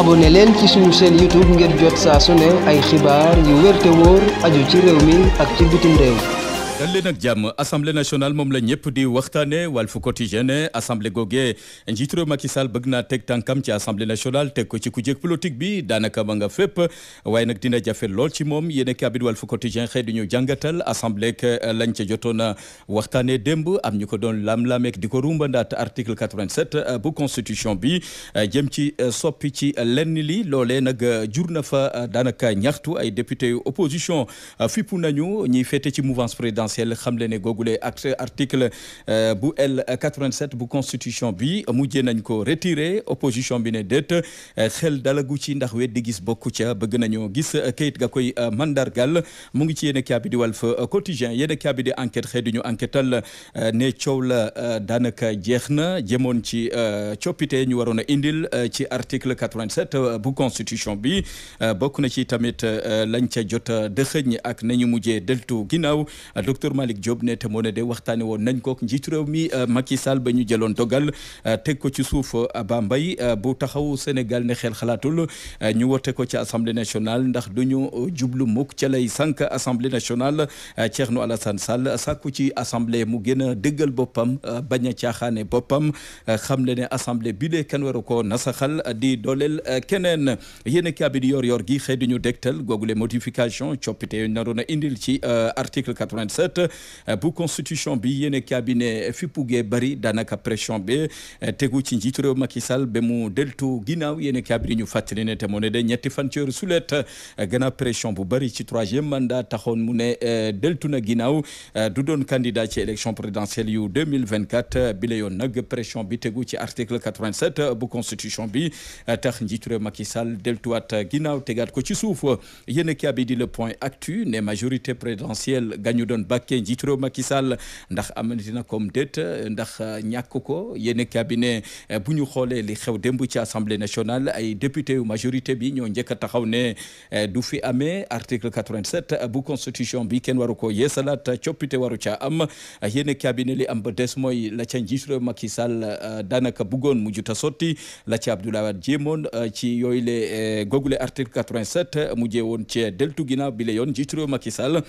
abone leen ci suñu chaîne YouTube ngir jot saa ne ay xibaar yu wér te wóor aju ci réew mi ak ci bitim réew dal leen ak jàmm assemblée nationale moom la ñëpp di waxtaane Walf Quotidien ne assemblée googee njiitu réew Macky Sall bëgg naa teg tànkam ci assemblée nationale teg ko ci ku jég politique bi daanaka ma nga fépp waaye nag dina jafe lool ci moom yéena kabit Walf Quotidien xëy du ñu jàngatal assemblée eh, lañ ca jotoona waxtaane démb am ñu ko doon lam-lameek di ko rumbandaat article 87 eh, bu constitution bi eh, jëm ci soppi ci lenn li loolee nag jur na fa daanaka ñaxtu ay député opposition fippu nañu ñiy féete ci mouvance présidentielle xam le ne googule ak article euh, bu L 87 bu constitution bi mujjee nañ ko retiré opposition bi ne déet euh, xel dalagu ci ndax weddi gis bokku ca bëgg nañoo gis euh, këyit nga koy mandargal mu ngi ci yéen a wal di Walf Quotidien yéen a kaabi di enquête ne coow la daanaka jeex na jëmoon ci coppite ñu waroon a indil ci article 87 bu constitution bi bokk na ci tamit lañ ca jot dëxëñ ak nañu mujje deltu ginnaaw docteur Malick Diop ne te moo ne de waxtaane woon nañ kook njiitu réew mi euh, Macky Sall ba ñu jëloon dogal euh, teg ko ci suuf euh, Abba Mbaye bu taxaw Sénégal ne xeel xalaatul ñu wote ko ci assemblée nationale ndax du ñu jublu mukk ca lay sànq assemblée nationale Thierno Alassane Sall sàkku ci assemblée mu gën a dëggal boppam baña a caaxaane boppam xam le ne assemblée bi lee kenn waru ko nasaxal di dooleel keneen yéen a kaabidi yor yor gi xëy duñu dégtal googule modification coppite naroon nat euh, bu constitution bi yéene cabinet fi pugee bari daanaka pression be euh, tegu ci njiitu réew Macky Sall ba mu deltu ginnaaw yéene cabinet ñu fàttali ne te moo de ñetti fan ci heure sulet euh, gannaaw pression bu bari ci troisième mandat taxoon mu ne deltu na ginnaaw du doon candidat ci élection présidentielle yu 2024 bi la yoon nag pression bi tegu ci article 87 bu constitution bi tax njiitu réew Macky Sall deltuwaat ginnaaw tegaat ko ci suuf yéene cabinet di le point actu ne majorité présidentielle Mbacké njiitu réew Macky Sall ndax amati na comme déet ndax euh, ñàkk ko yéen cabinet euh, bu ñu xoolee li xew démb ci assemblée national ay député yu majorité bi ñoo njëkk a taxaw ne euh, du fi amee article 87 bu constitution bi kenn waru ko yeesalaat coppite waru caa am yéen cabinet li am ba des mooy la ca njiitu réew Macky Sall daanaka buggoon mu juta sotti la ca Abdoulaye Wade jéemoon ci yooyu le googule article 87 mu jéewoon ci deltu ginnaaw bi la yoon njiitu réew Macky Sall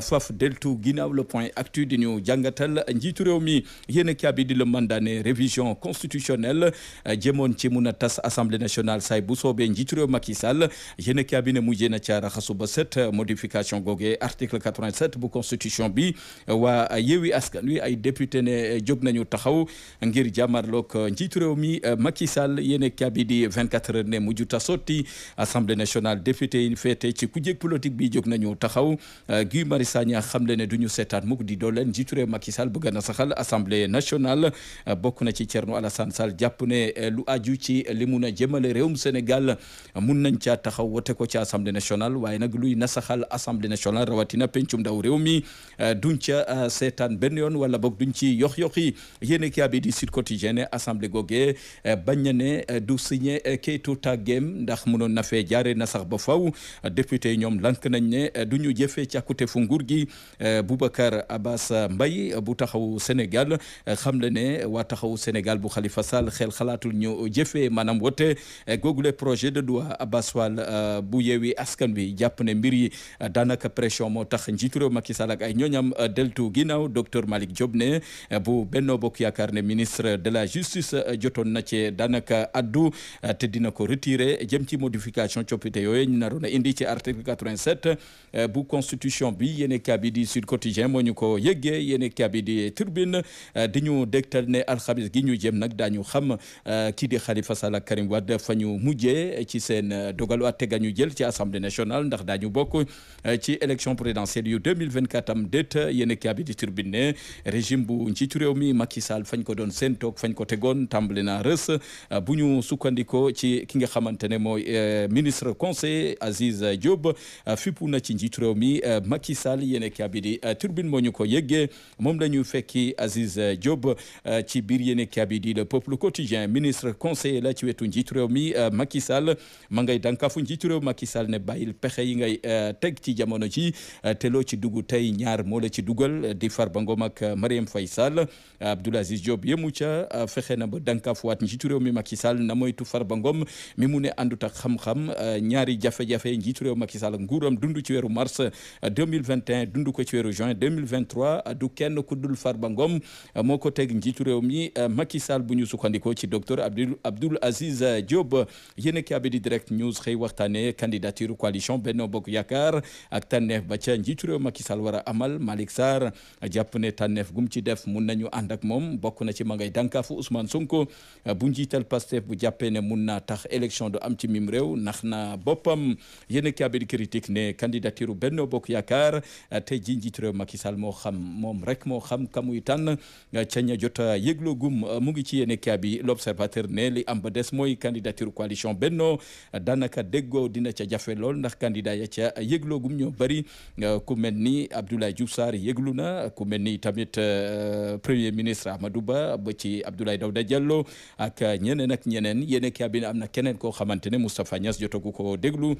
faf deltu gi ginnaaw le point actu di ñu jàngatal njiitu réew mi yéen a bi di la mandaane révision constitutionnelle jëmoon ci mun tas assemblée nationale say bu soobee njiitu réew Macky Sall yéen a kii bi ne mujjee na ca ba set modification googee article 87 bu constitution bi waa yeewi askan wi ay député ne jóg nañu taxaw ngir jàmmarloog njiitu réew mi Macky Sall yéen a di 24 heures ne mujj ta sotti assemblée nationale député yi féete ci kujje politique bi jóg nañu taxaw Guy Marius Sagna ne du duñu seetaan mukk di dooleel njiitu réew Macky Sall bëgg na saxal assemblée nationale bokk na ci Thierno Alassane Sall jàpp ne eh, lu aju ci li mun a jëmale réewum Sénégal mun nañ caa taxaw wote ko ci assemblée nationale waaye nag luy nasaxal assemblée nationale rawatina pencum ndaw réew mi eh, duñ ca eh, seetaan benn yoon wala boog duñ ci yox yox yi yéen ki abi di Sud Quotidien ne assemblée goge bañ na ne du signé kayitu tàggeem ndax munoon na fee jaaree na sax ba faw député ñoom lank nañ ne du ñu jëfee càkkute fu nguur gi Boubacar Abbas Mbaye bu taxaw Sénégal xam le ne waa taxaw Sénégal bu Khalifa Sall xel xalaatul ñu jëfee maanaam wote googule projet de loi Abbas Fall euh, bu yeewi askan wi jàpp ne mbir yi daanaka pression moo tax njiitu réew Macky Sall ak ay ñooñam deltu ginnaaw docteur Malick Diop ne bu Benno Bokk Yaakaar ne ministre de la justice jotoon na ci daanaka addu te dina ko retirer jëm ci modification coppite yooyu ñu indi ci article 87 euh, bu constitution bi yéen a kaab yi quotidien moo ñu ko yëggee yéeni kabi di turbine euh, di ñu dégtal ne alxamis gi ñu jëm nag daañu xam euh, kii di Khalifa Sall ak Karim Wade fa ñu mujjee ci seen euh, dogalwaat atte ga ñu jël ci assemblée nationale ndax daañu bokk ci élection présidentielle yu 2024 am déet yéeni kabi di turbine ne régime bu njiitu réew mi Macky Sall fañ ko doon seen toog fañ ko tegoon tàmbali na rës bu ñu sukkandikoo ci ki nga xamante ne mooy ministre conseil Aziz Diop fippu na ci njiitu mi Macky Sall yéeni kabi Euh, turbine moo ñu ko yeggee moom la fekki Aziz euh, Diop euh, ci biir yéene kabi di le peuple quotidien ministre conseil la ci wetu njiitu réew mi Macky Sall ma ngay dankafu njiitu réew Macky Sall ne bàyyil pexe yi ngay teg ci jamono ci te loo ci dugg tey ñaar moo la ci dugal di Farba Ngom ak Mariam Faye Sall Abdoul Aziz Diop yemu ca fexe na ba dankafu waat njiitu réew mi Macky Sall na moytu Farba Ngom mi mu ne àndut ak xam ñaari jafe-jafe njiitu réew Macky Sall nguuram dund ci weeru mars 2021 dund ko ci weeru juin 2023 du kenn ku dul Farba Ngom euh, moo ko teg njiitu réew mi euh, Macky Sall bu ñu sukkandikoo ci docteur Abdoul Abdoul Aziz euh, Diop yéen ki abidi direct news xëy waxtaane candidature coalition Benno Bokk Yaakaar ak tànneef ba ca njiitu réew Macky Sall war a amal Malick Sarr jàpp ne tànneef gum ci def mun nañu ànd ak moom bokk na ci ma ngay dànkaafu Ousmane bu njiital Pastef bu jàppee ne mun naa tax élection du am ci mim réew ndax na boppam yéen ki abidi critique ne candidature Benno Bokk Yaakaar Macky Sall moo xam moom rek moo xam kamuy tànn ca ña jot a yëgloo gum euh, mu ngi ci yéene kaa bi l'observateur ne li am ba mooy candidature coalition Benno daanaka déggoo dina ca jafe lool ndax candidat ya ca yëgloo gum ñoo bari euh, ku mel ni Abdoulaye Diouf Sarr yëglu na ku mel ni tamit euh, premier ministre Amadou Ba ba ci Abdoulaye Daouda Diallo ak ñeneen ak ñeneen yéene kaa bi am na keneen koo xamante ne Moustapha jotagu ko déglu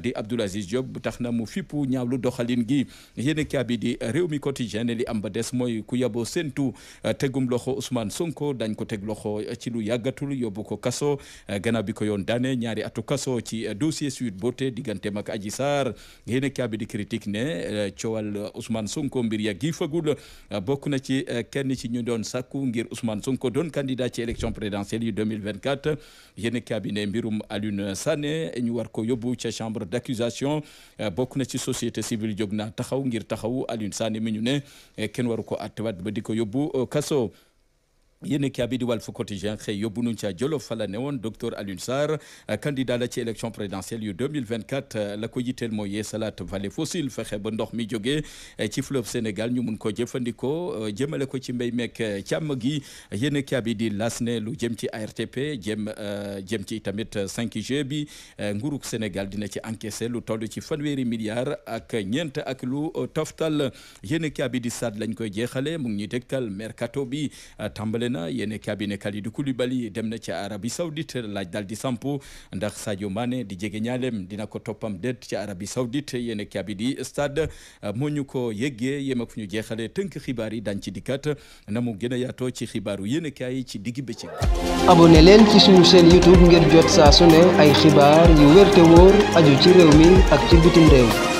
di Abdoul Aziz Diop mu fippu ñaawlu doxalin gi yéene di réew mi quotidien ne li am ba des mooy ku yaboo séntu euh, tegum loxo Ousmane Sonko dañ ko teg loxo euh, ci lu yàggatul yóbbu ko kaso euh, gannaaw bi ko yoon daane ñaari atu kaso ci dossier Sweet Beauté digganteem ak Adji Sarr yéen a bi di critique ne coowal Ousmane Sonko mbir ya gi fagul bokk na ci kenn ci ñu doon saku ngir Ousmane Sonko doon candidat ci élection présidentielle yu 2024 yéen a bi ne mbirum Alioune Sané ñu war ko yóbbu ca chambre d'accusation bokk na ci société civile jóg na taxaw Aliou Sané mi ñu ne eh, kenn waru ko attewaat ba di ko yóbbu eh, yéen kii bi di Walf Quotidien xëy yóbbu nu ca Jolof fa la ne woon docteur Alioune Sarr candidat la ci élection présidentielle yu 2024 la ko yitteel mooy yeesalaat vallée fossile fexe ba ndox mi jógee eh, ci fleuve Sénégal ñu mun ko jëfandikoo eh, jëmale ko ci mbéy meek eh, càmm gi yéen kii bi di las ne lu jëm ci ARTP jëm jëm ci tamit 5G bi nguurug Sénégal dina ci encaisser lu toll ci fanweeri milliards ak ñeent ak lu toftal yéen kii bi di Stades lañ koy jeexale mu ngi ñuy dégtal mercato bi tàmbale na yéen cabinet Kalidou Koulibaly dem na ci Arabie Saoudite laaj daal di sampo ndax Sadio Mané di jege ñaaleem dina ko toppam déet ci Arabie Saoudite yéen cabinet di stade moo ñu ko yeggee yem ak ñu jeexalee tënk xibaar yi daan ci dikkat na mu gën a yaatoo ci xibaaru yéen kaay yi ci digg bi abonné leen ci suñu chaîne YouTube ngir jot saa su ne ay xibaar yu wér te aju ci réew mi ak ci bitim réew.